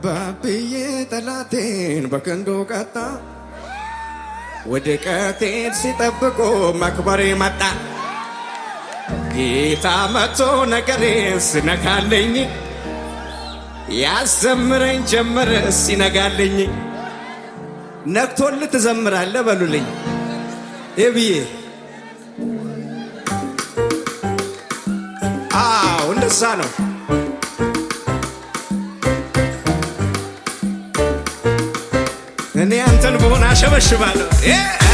አባብዬ ጠላቴን በክንዱ ቀጣ። ውድቀቴን ሲጠብቁ መክበሬ መጣ። ጌታ መቶ ነገሬ ሲነካልኝ ያዘምረኝ ጀመረ ሲነጋልኝ። ነግቶል ትዘምራለ በሉልኝ ብዬ አው እንደዛ ነው። እኔ አንተን ብሆን አሸበሽባለሁ።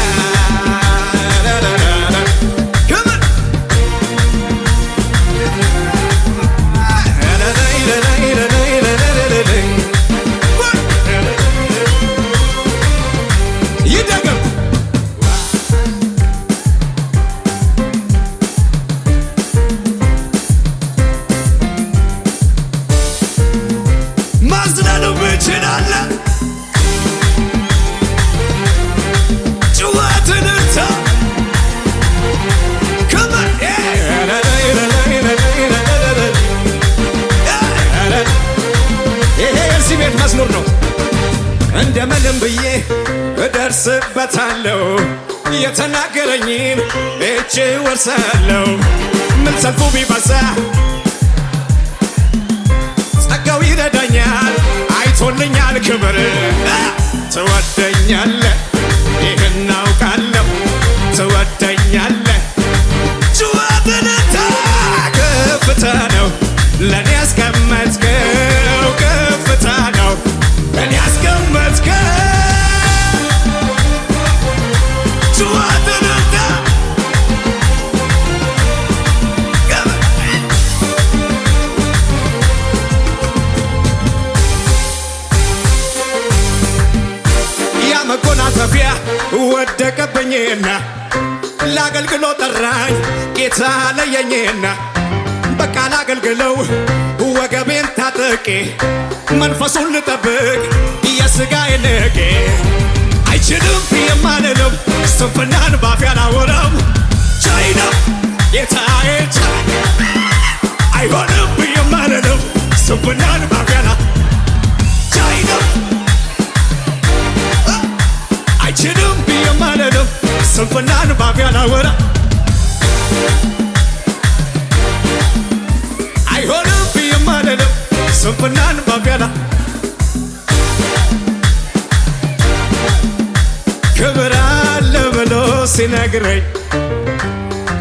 እደርስበታለሁ የተናገረኝን እጅ ወርሳለሁ ምን ሰልፉ ቢበዛ ጌታ ለየኝና በቃ ላገልግለው ወገቤን ታጥቄ መንፈሱን ልጠብቅ የሥጋዬ ንቄ አይችልም የማልልም ስንፍናን ባፌ አላወራም ቻይና ጌታዬ አይሆንም የማልልም ስንፍናን ባፌ አላ ቻይና አይችልም የማልልም ስንፍናን ባፌ አላወራም ሲነግረኝ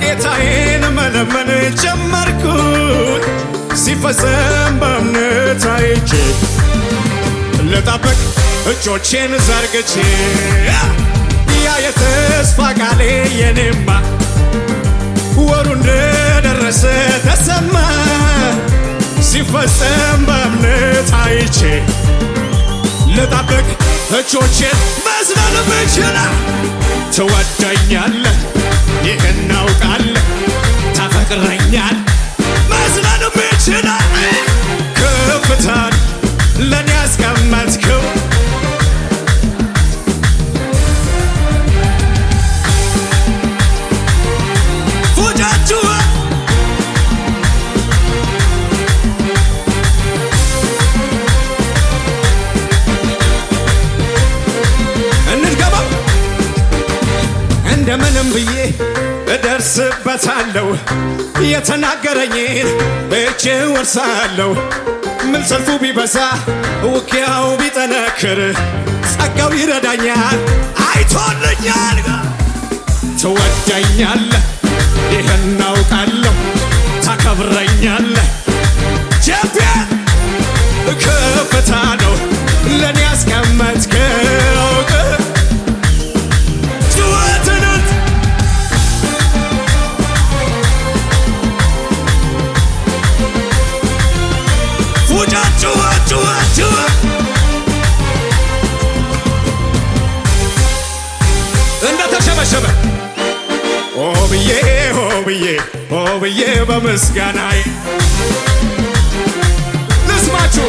ጌታዬን መለመን ጀመርኩት ሲፈጸም በእምነት አይቼ ልጠብቅ እጆቼን ዘርግቼ ያ የተስፋ ቃሌ የኔማ ወሩ እንደደረሰ ተሰማ ሲፈጸም በእምነት አይቼ ልጠብቅ እጆቼን መዝለል ብችላ ትወደኛለህ፣ ይህ እናውቃለን፣ ታፈቅረኛል መዝለል የሚችላል ከፍታን ለኔ ያስቀመጥከው እመታለሁ የተናገረኝን እጄ ወርሳለሁ። ምን ሰልፉ ቢበዛ ውጊያው ቢጠነክር ጸጋው ይረዳኛል አይቶልኛል። ትወደኛለህ ይህን አውቃለሁ፣ ታከብረኛለህ ጀቤ ከፍታ ነው ለእኔ ያስቀመጥከው ብዬ በምስጋና ልስማችሁ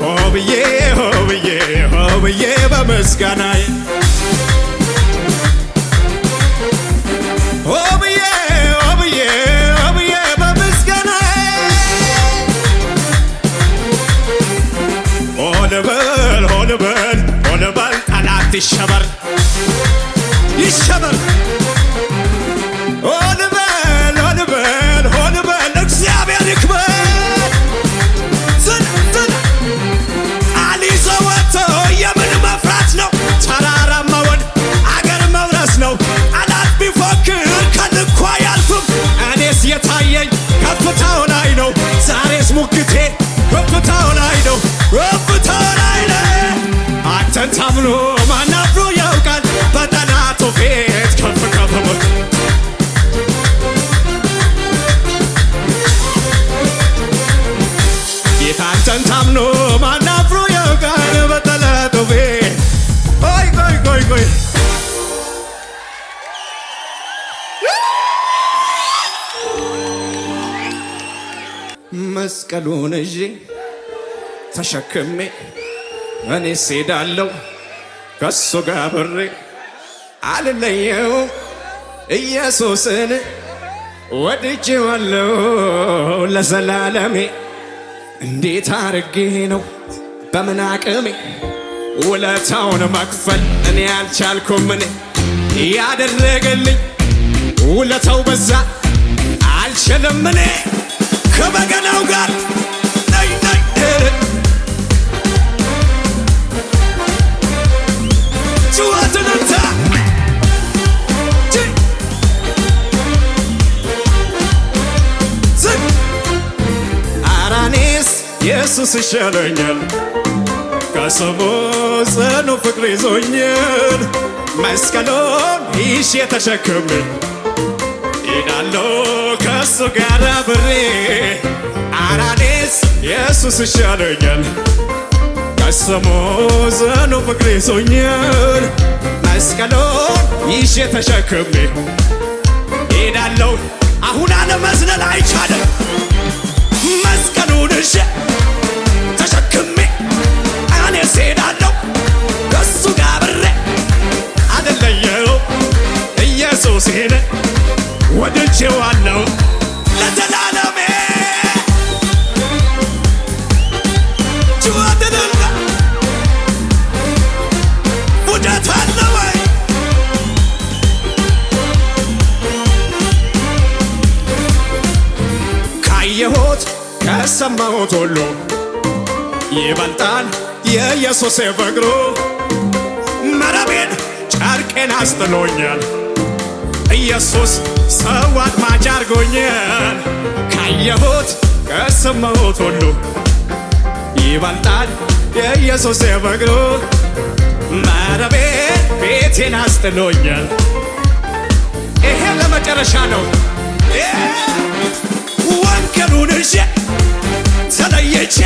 ሆ ብዬ ሆ ብዬ ሆ ብዬ በምስጋናይ ሆ ብዬ ሆ ብዬ ሆ ልበል ሆ ልበል ሆ ልበል ጠላት ይሸበር መስቀሉን እዤ ተሸክሜ እኔ ሴዳለው ከሱ ጋር አብሬ አልለየው ኢየሱስን ወድጄዋለው ለዘላለሜ። እንዴት አርጌ ነው በምን አቅሜ ውለታውን መክፈል እኔ አልቻልኩምን ያደረገልኝ ውለታው በዛ አልችልምኔ ከበገናው ጋር ነይ ነይ ጩኸትን እንታ አራኔስ ኢየሱስ ይሻለኛል ከስሙ ጽኑ ፍቅር ይዞኛል መስቀሉን ይዤ ተሸክሜ ሄዳለው ከሱ ጋር ብሬ አራኔስ ኢየሱስ ይሻለኛል ከሰሞዘኑ ፍቅር ይዞኛል መስቀሎን ይዤ ተሸክሜ ሄዳለው አሁን አለመዝለል አይቻለም። ካሰማሁት ሁሉ ይበልጣል የኢየሱስ ፍቅሩ። መረቤን ጨርቄን አስጥሎኛል ኢየሱስ ሰው አጥማጅ አድርጎኛል። ካየሁት ከሰማሁት ሁሉ ይበልጣል የኢየሱስ ፍቅሩ። መረቤን ቤቴን አስጥሎኛል። ይሄ ለመጨረሻ ነው። ማንከሩን እርሼ ተለየቼ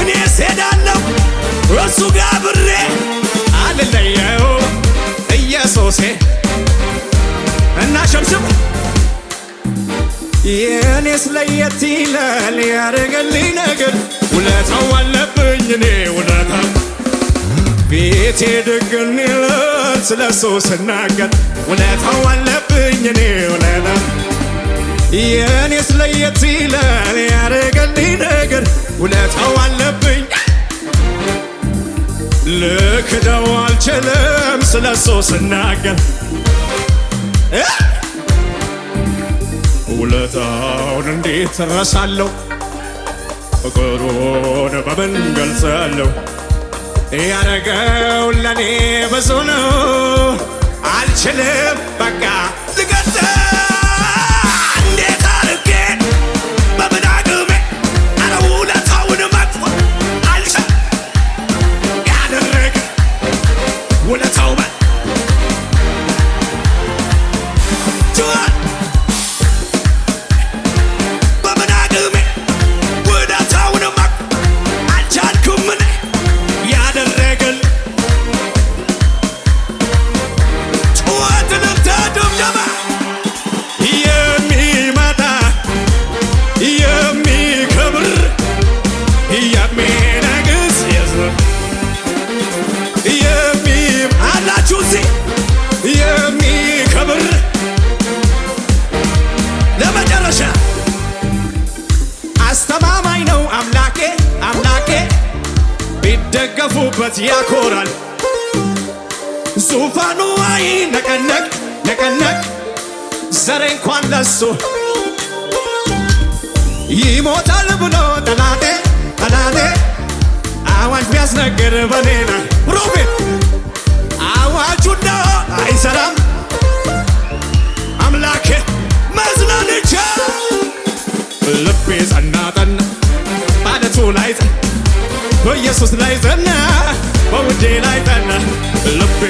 እኔ ሴዳለው እሱ ጋር ብሬ አልለየው ኢየሱሴ እና ሸምሽም የኔስ ለየት ይላል ያደረገልኝ ነገር ውለታው አለብኝ እኔ ውለታ ቤቴ ድግን ይላል ስለሱ ስናገር ውለታው አለብኝ አልችልም ስለሱ ስናገር ውለታውን እንዴት እረሳለሁ? ፍቅሩን በምን ገልጻለሁ? ያረገው ለኔ ብዙ ነው። አልችልም በቃ ያኮራል ዙፋኑ አይነቀነቅ ነቀነቅ ዘሬ እንኳን ለሱ ይሞታል ብሎ ጠላቴ ጠላቴ አዋጅ ቢያስነግር በኔና ሮቤት አዋጁ ደ አይሰራም አምላኬ መዝናንቻ ልቤ ጸና ጠና በአለቱ ላይ በኢየሱስ ላይ ጸና በውዴ ላይ ጠና ልቤ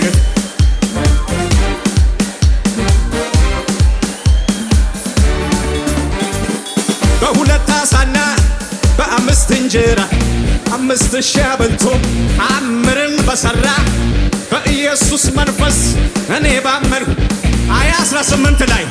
በሁለት አሳና በአምስት እንጀራ አምስት ሺህ አብልቶ ተአምርን በሠራ በኢየሱስ መንፈስ እኔ ባመንሁ አያ 18 ላይ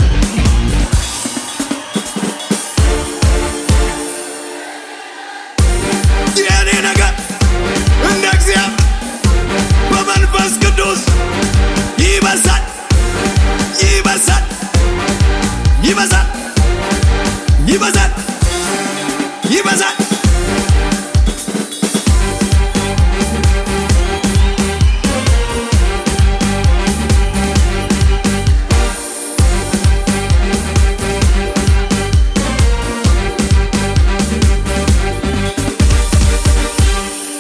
ይበዛል ይበዛል